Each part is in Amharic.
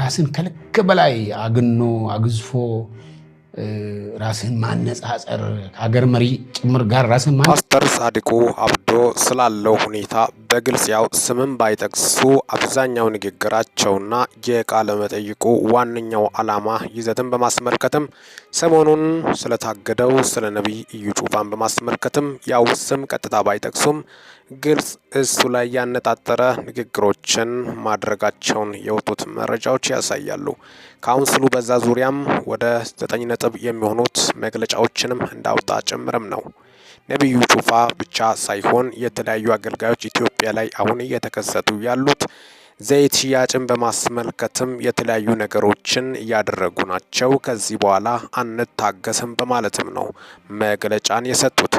ራስን ከልክ በላይ አግኖ አግዝፎ ራስን ማነጻጸር ከሀገር መሪ ጭምር ጋር ራስን ማስተር ጻድቁ አብዶ ስላለው ሁኔታ በግልጽ ያው ስምም ባይጠቅሱ አብዛኛው ንግግራቸውና የቃለ መጠይቁ ዋነኛው አላማ ይዘትን በማስመልከትም ሰሞኑን ስለታገደው ስለ ነቢይ እዩ ጩፋን በማስመልከትም ያው ስም ቀጥታ ባይጠቅሱም ግልጽ እሱ ላይ ያነጣጠረ ንግግሮችን ማድረጋቸውን የወጡት መረጃዎች ያሳያሉ። ካውንስሉ በዛ ዙሪያም ወደ ዘጠኝ ነጥብ የሚሆኑት መግለጫዎችንም እንዳውጣ ጭምርም ነው። ነቢዩ ጩፋ ብቻ ሳይሆን የተለያዩ አገልጋዮች ኢትዮጵያ ላይ አሁን እየተከሰቱ ያሉት ዘይት ሽያጭን በማስመልከትም የተለያዩ ነገሮችን እያደረጉ ናቸው። ከዚህ በኋላ አንታገስም በማለትም ነው መግለጫን የሰጡት።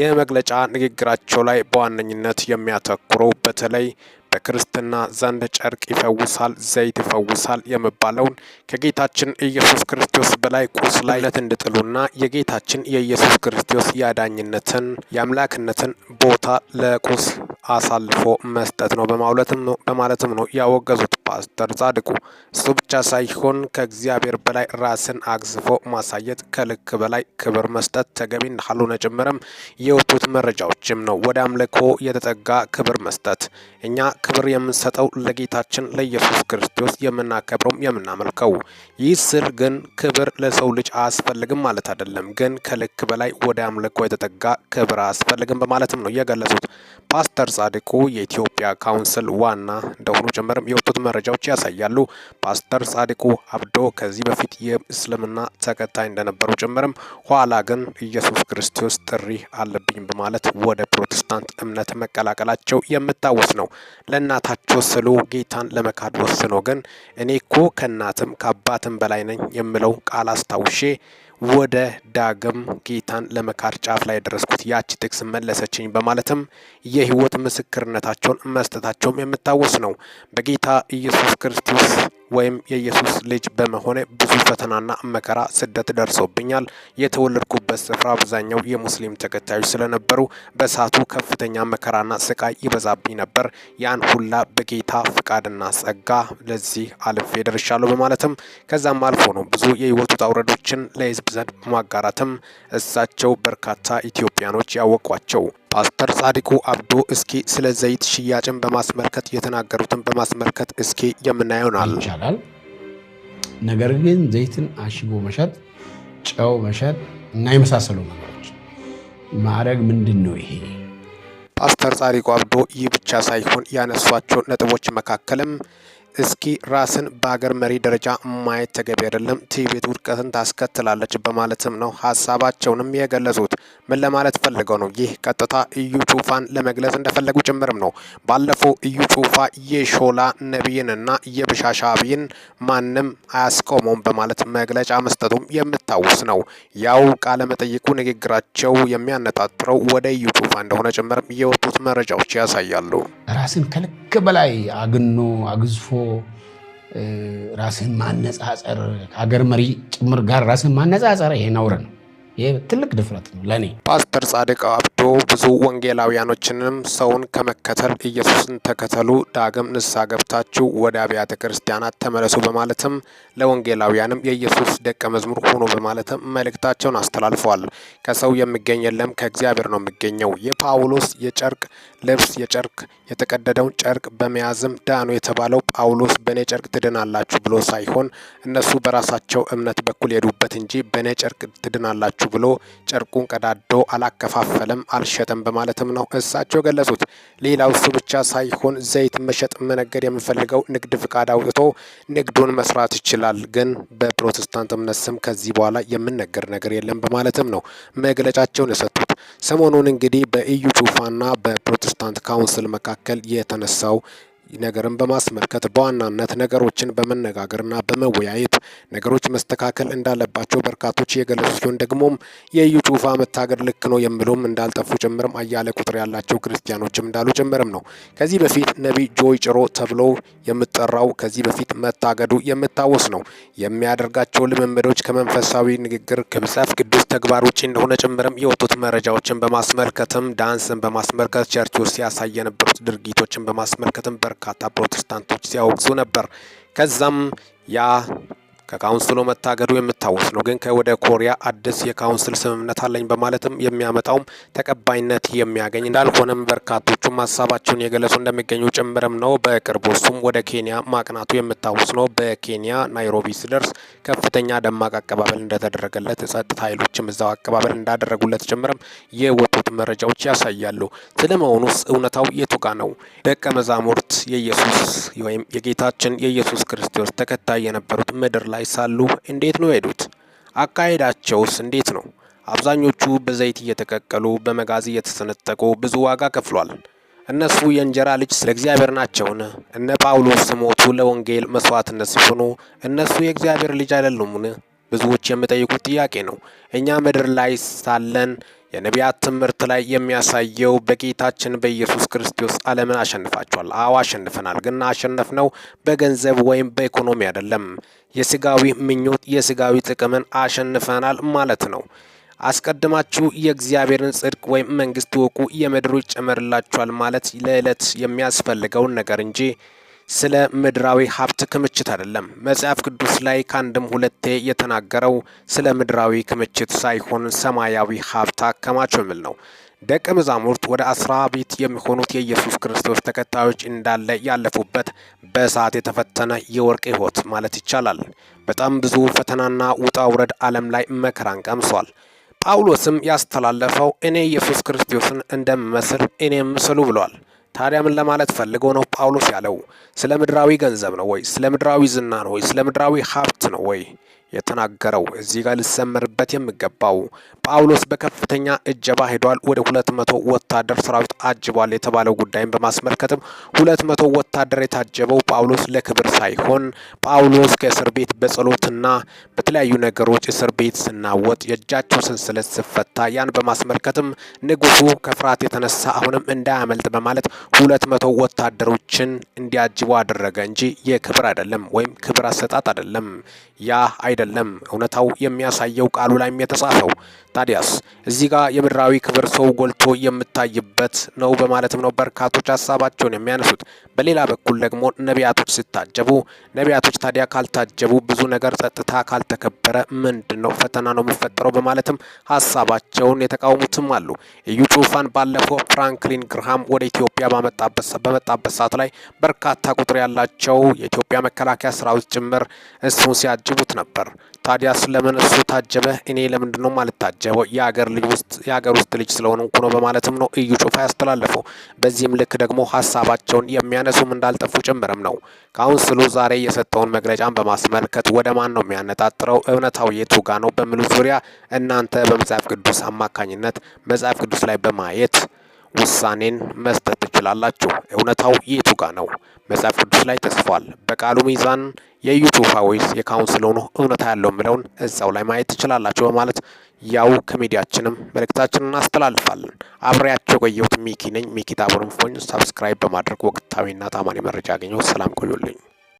ይህ መግለጫ ንግግራቸው ላይ በዋነኝነት የሚያተኩረው በተለይ በክርስትና ዘንድ ጨርቅ ይፈውሳል፣ ዘይት ይፈውሳል የሚባለውን ከጌታችን ኢየሱስ ክርስቶስ በላይ ቁስ ላይ ለት እንድጥሉና የጌታችን የኢየሱስ ክርስቶስ የአዳኝነትን የአምላክነትን ቦታ ለቁስ አሳልፎ መስጠት ነው ነው በማለትም ነው ያወገዙት። ፓስተር ጻድቁ። እሱ ብቻ ሳይሆን ከእግዚአብሔር በላይ ራስን አግዝፎ ማሳየት ከልክ በላይ ክብር መስጠት ተገቢ እንዳልሆነ ጭምርም የወጡት መረጃዎችም ነው። ወደ አምልኮ የተጠጋ ክብር መስጠት እኛ ክብር የምንሰጠው ለጌታችን ለኢየሱስ ክርስቶስ የምናከብረውም የምናመልከው። ይህ ስል ግን ክብር ለሰው ልጅ አያስፈልግም ማለት አይደለም፣ ግን ከልክ በላይ ወደ አምልኮ የተጠጋ ክብር አያስፈልግም በማለትም ነው የገለጹት ፓስተር ጻድቁ የኢትዮጵያ ካውንስል ዋና እንደሆኑ ጭምርም የወጡት መረጃዎች ያሳያሉ። ፓስተር ጻድቁ አብዶ ከዚህ በፊት የእስልምና ተከታይ እንደነበሩ ጭምርም ኋላ ግን ኢየሱስ ክርስቶስ ጥሪ አለብኝ በማለት ወደ ፕሮቴስታንት እምነት መቀላቀላቸው የምታወስ ነው። ለእናታቸው ስሉ ጌታን ለመካድ ወስኖ ግን እኔ እኮ ከእናትም ከአባትም በላይ ነኝ የምለው ቃል አስታውሼ ወደ ዳግም ጌታን ለመካድ ጫፍ ላይ የደረስኩት ያቺ ጥቅስ መለሰችኝ በማለትም የህይወት ምስክርነታቸውን መስጠታቸውም የምታወስ ነው። በጌታ ኢየሱስ ክርስቶስ ወይም የኢየሱስ ልጅ በመሆኔ ብዙ ፈተናና መከራ፣ ስደት ደርሶብኛል። የተወለድኩበት ስፍራ አብዛኛው የሙስሊም ተከታዮች ስለነበሩ በሳቱ ከፍተኛ መከራና ስቃይ ይበዛብኝ ነበር። ያን ሁላ በጌታ ፍቃድና ጸጋ ለዚህ አልፌ ደርሻለሁ በማለትም ከዛም አልፎ ነው ብዙ የህይወት ውጣ ውረዶችን ለህዝብ ዘንድ በማጋራትም እሳቸው በርካታ ኢትዮጵያኖች ያወቋቸው ፓስተር ጻድቁ አብዶ እስኪ ስለ ዘይት ሽያጭን በማስመልከት የተናገሩትን በማስመልከት እስኪ የምናየውናል። ይቻላል። ነገር ግን ዘይትን አሽጎ መሸጥ፣ ጨው መሸጥ እና የመሳሰሉ ነገሮች ማድረግ ምንድን ነው ይሄ? አስተርጻሪ አብዶ ይህ ብቻ ሳይሆን ያነሷቸው ነጥቦች መካከልም እስኪ ራስን በሀገር መሪ ደረጃ ማየት ተገቢ አይደለም፣ ትዕቢት ውድቀትን ታስከትላለች በማለትም ነው ሀሳባቸውንም የገለጹት። ምን ለማለት ፈልገው ነው? ይህ ቀጥታ እዩ ጩፋን ለመግለጽ እንደፈለጉ ጭምርም ነው። ባለፈው እዩ ጩፋ የሾላ ነቢይንና የብሻሻ አብይን ማንም አያስቆመውም በማለት መግለጫ መስጠቱም የምታውስ ነው። ያው ቃለመጠይቁ ንግግራቸው የሚያነጣጥረው ወደ እዩ ጩፋ እንደሆነ ጭምርም የወጡት መረጃዎች ያሳያሉ። ራስን ከልክ በላይ አግኖ አግዝፎ ራስን ማነጻጸር ከሀገር መሪ ጭምር ጋር ራስን ማነጻጸር ይሄ ነውር ነው። ይሄ ትልቅ ድፍረት ነው ለእኔ ፓስተር ጻድቅ ወስዶ ብዙ ወንጌላውያኖችንም ሰውን ከመከተል ኢየሱስን ተከተሉ፣ ዳግም ንስሐ ገብታችሁ ወደ አብያተ ክርስቲያናት ተመለሱ በማለትም ለወንጌላውያንም የኢየሱስ ደቀ መዝሙር ሆኖ በማለትም መልእክታቸውን አስተላልፈዋል። ከሰው የሚገኝ የለም ከእግዚአብሔር ነው የሚገኘው። የጳውሎስ የጨርቅ ልብስ የጨርቅ የተቀደደውን ጨርቅ በመያዝም ዳኑ የተባለው ጳውሎስ በእኔ ጨርቅ ትድናላችሁ ብሎ ሳይሆን እነሱ በራሳቸው እምነት በኩል የሄዱበት እንጂ በእኔ ጨርቅ ትድናላችሁ ብሎ ጨርቁን ቀዳዶ አላከፋፈለም፣ አልሸጠም በማለትም ነው እሳቸው ገለጹት። ሌላው እሱ ብቻ ሳይሆን ዘይት መሸጥ መነገድ የምፈልገው ንግድ ፍቃድ አውጥቶ ንግዱን መስራት ይችላል፣ ግን በፕሮቴስታንት እምነት ስም ከዚህ በኋላ የምነገር ነገር የለም በማለትም ነው መግለጫቸውን የሰጡት። ሰሞኑን እንግዲህ በኢዩ ጩፋና በፕሮቴስታንት ካውንስል መካከል የተነሳው ነገርን በማስመልከት በዋናነት ነገሮችን በመነጋገርና በመወያየት ነገሮች መስተካከል እንዳለባቸው በርካቶች የገለጹ ሲሆን ደግሞም የኢዩ ጩፋ መታገድ ልክ ነው የሚሉም እንዳልጠፉ ጭምርም አያሌ ቁጥር ያላቸው ክርስቲያኖችም እንዳሉ ጭምርም ነው። ከዚህ በፊት ነቢ ጆይ ጭሮ ተብሎ የምጠራው ከዚህ በፊት መታገዱ የምታወስ ነው። የሚያደርጋቸው ልምምዶች ከመንፈሳዊ ንግግር ከመጽሐፍ ቅዱስ ተግባር ውጪ እንደሆነ ጭምርም የወጡት መረጃዎችን በማስመልከትም ዳንስን በማስመልከት ቸርች ውስጥ ሲያሳይ የነበሩት ድርጊቶችን በማስመልከትም በርካታ ፕሮቴስታንቶች ሲያወግዙ ነበር። ከዛም ያ ከካውንስሉ መታገዱ የሚታወስ ነው። ግን ከወደ ኮሪያ አዲስ የካውንስል ስምምነት አለኝ በማለትም የሚያመጣውም ተቀባይነት የሚያገኝ እንዳልሆነም በርካቶቹም ሀሳባቸውን የገለጹ እንደሚገኙ ጭምርም ነው። በቅርቡ እሱም ወደ ኬንያ ማቅናቱ የሚታወስ ነው። በኬንያ ናይሮቢ ሲደርስ ከፍተኛ ደማቅ አቀባበል እንደተደረገለት ጸጥታ ኃይሎችም እዛው አቀባበል እንዳደረጉለት ጭምርም የወጡት መረጃዎች ያሳያሉ። ስለመሆኑስ እውነታው የቱጋ ነው? ደቀ መዛሙርት የኢየሱስ ወይም የጌታችን የኢየሱስ ክርስቶስ ተከታይ የነበሩት ምድር ላይ ላይ ሳሉ እንዴት ነው የሄዱት? አካሄዳቸውስ እንዴት ነው? አብዛኞቹ በዘይት እየተቀቀሉ በመጋዝ እየተሰነጠቁ ብዙ ዋጋ ከፍሏል። እነሱ የእንጀራ ልጅ ስለ እግዚአብሔር ናቸውን? እነ ጳውሎስ ሞቱ ለወንጌል መስዋዕትነት ሲሆኑ እነሱ የእግዚአብሔር ልጅ አይደሉምን? ብዙዎች የሚጠይቁት ጥያቄ ነው። እኛ ምድር ላይ ሳለን የነቢያት ትምህርት ላይ የሚያሳየው በጌታችን በኢየሱስ ክርስቶስ ዓለምን አሸንፋችኋል። አዎ አሸንፈናል። ግን አሸነፍነው በገንዘብ ወይም በኢኮኖሚ አይደለም። የስጋዊ ምኞት፣ የስጋዊ ጥቅምን አሸንፈናል ማለት ነው። አስቀድማችሁ የእግዚአብሔርን ጽድቅ ወይም መንግስት ወቁ፣ የምድሩ ይጨመርላችኋል ማለት ለዕለት የሚያስፈልገውን ነገር እንጂ ስለ ምድራዊ ሀብት ክምችት አይደለም። መጽሐፍ ቅዱስ ላይ ከአንድም ሁለቴ የተናገረው ስለ ምድራዊ ክምችት ሳይሆን ሰማያዊ ሀብት አከማች የሚል ነው። ደቀ መዛሙርት ወደ አስራ ቤት የሚሆኑት የኢየሱስ ክርስቶስ ተከታዮች እንዳለ ያለፉበት በእሳት የተፈተነ የወርቅ ሕይወት ማለት ይቻላል። በጣም ብዙ ፈተናና ውጣ ውረድ ዓለም ላይ መከራን ቀምሷል። ጳውሎስም ያስተላለፈው እኔ ኢየሱስ ክርስቶስን እንደምመስል እኔም ምስሉ ብሏል። ታዲያ ምን ለማለት ፈልጎ ነው ጳውሎስ ያለው? ስለ ምድራዊ ገንዘብ ነው ወይ? ስለ ምድራዊ ዝና ነው ወይ? ስለ ምድራዊ ሀብት ነው ወይ? የተናገረው። እዚህ ጋር ሊሰመርበት የሚገባው ጳውሎስ በከፍተኛ እጀባ ሄዷል። ወደ ሁለት መቶ ወታደር ሰራዊት አጅቧል የተባለው ጉዳይን በማስመልከትም ሁለት መቶ ወታደር የታጀበው ጳውሎስ ለክብር ሳይሆን ጳውሎስ ከእስር ቤት በጸሎትና በተለያዩ ነገሮች እስር ቤት ስናወጥ የእጃቸው ሰንሰለት ስፈታ ያን በማስመልከትም ንጉሱ ከፍርሃት የተነሳ አሁንም እንዳያመልጥ በማለት ሁለት መቶ ወታደሮችን እንዲያጅቡ አደረገ እንጂ የክብር አይደለም ወይም ክብር አሰጣጥ አይደለም ያ አይደለም። አይደለም እውነታው የሚያሳየው ቃሉ ላይም የተጻፈው። ታዲያስ እዚህ ጋር የምድራዊ ክብር ሰው ጎልቶ የምታይበት ነው በማለትም ነው በርካቶች ሀሳባቸውን የሚያነሱት። በሌላ በኩል ደግሞ ነቢያቶች ሲታጀቡ፣ ነቢያቶች ታዲያ ካልታጀቡ ብዙ ነገር ጸጥታ ካልተከበረ ምንድን ነው ፈተና ነው የሚፈጠረው በማለትም ሀሳባቸውን የተቃወሙትም አሉ። እዩ ጩፋን ባለፈው ፍራንክሊን ግርሃም ወደ ኢትዮጵያ በመጣበት ሰዓት ላይ በርካታ ቁጥር ያላቸው የኢትዮጵያ መከላከያ ሰራዊት ጭምር እሱን ሲያጅቡት ነበር። ታዲያ ስለምን እሱ ታጀበ? እኔ ለምንድን ነው ማልታጀበው? የአገር ልጅ ውስጥ የአገር ውስጥ ልጅ ስለሆንኩ ነው በማለትም ነው እዩ ጩፋ ያስተላለፈው። በዚህም ልክ ደግሞ ሀሳባቸውን የሚያነሱም እንዳልጠፉ ጭምርም ነው። ካውንስሉ ዛሬ የሰጠውን መግለጫን በማስመልከት ወደ ማን ነው የሚያነጣጥረው፣ እውነታው የቱ ጋ ነው በሚሉ ዙሪያ እናንተ በመጽሐፍ ቅዱስ አማካኝነት መጽሐፍ ቅዱስ ላይ በማየት ውሳኔን መስጠት ትችላላችሁ። እውነታው የቱ ጋ ነው? መጽሐፍ ቅዱስ ላይ ተጽፏል። በቃሉ ሚዛን የዩቱፋ ወይስ የካውንስል ሆኖ እውነታ ያለው የሚለውን እዛው ላይ ማየት ትችላላችሁ በማለት ያው ከሚዲያችንም መልእክታችንን እናስተላልፋለን። አብሬያቸው ቆየውት ሚኪ ነኝ። ሚኪ ታቦር ኢንፎን። ሰብስክራይብ በማድረግ ወቅታዊና ታማኝ መረጃ ያገኘው። ሰላም ቆዩልኝ።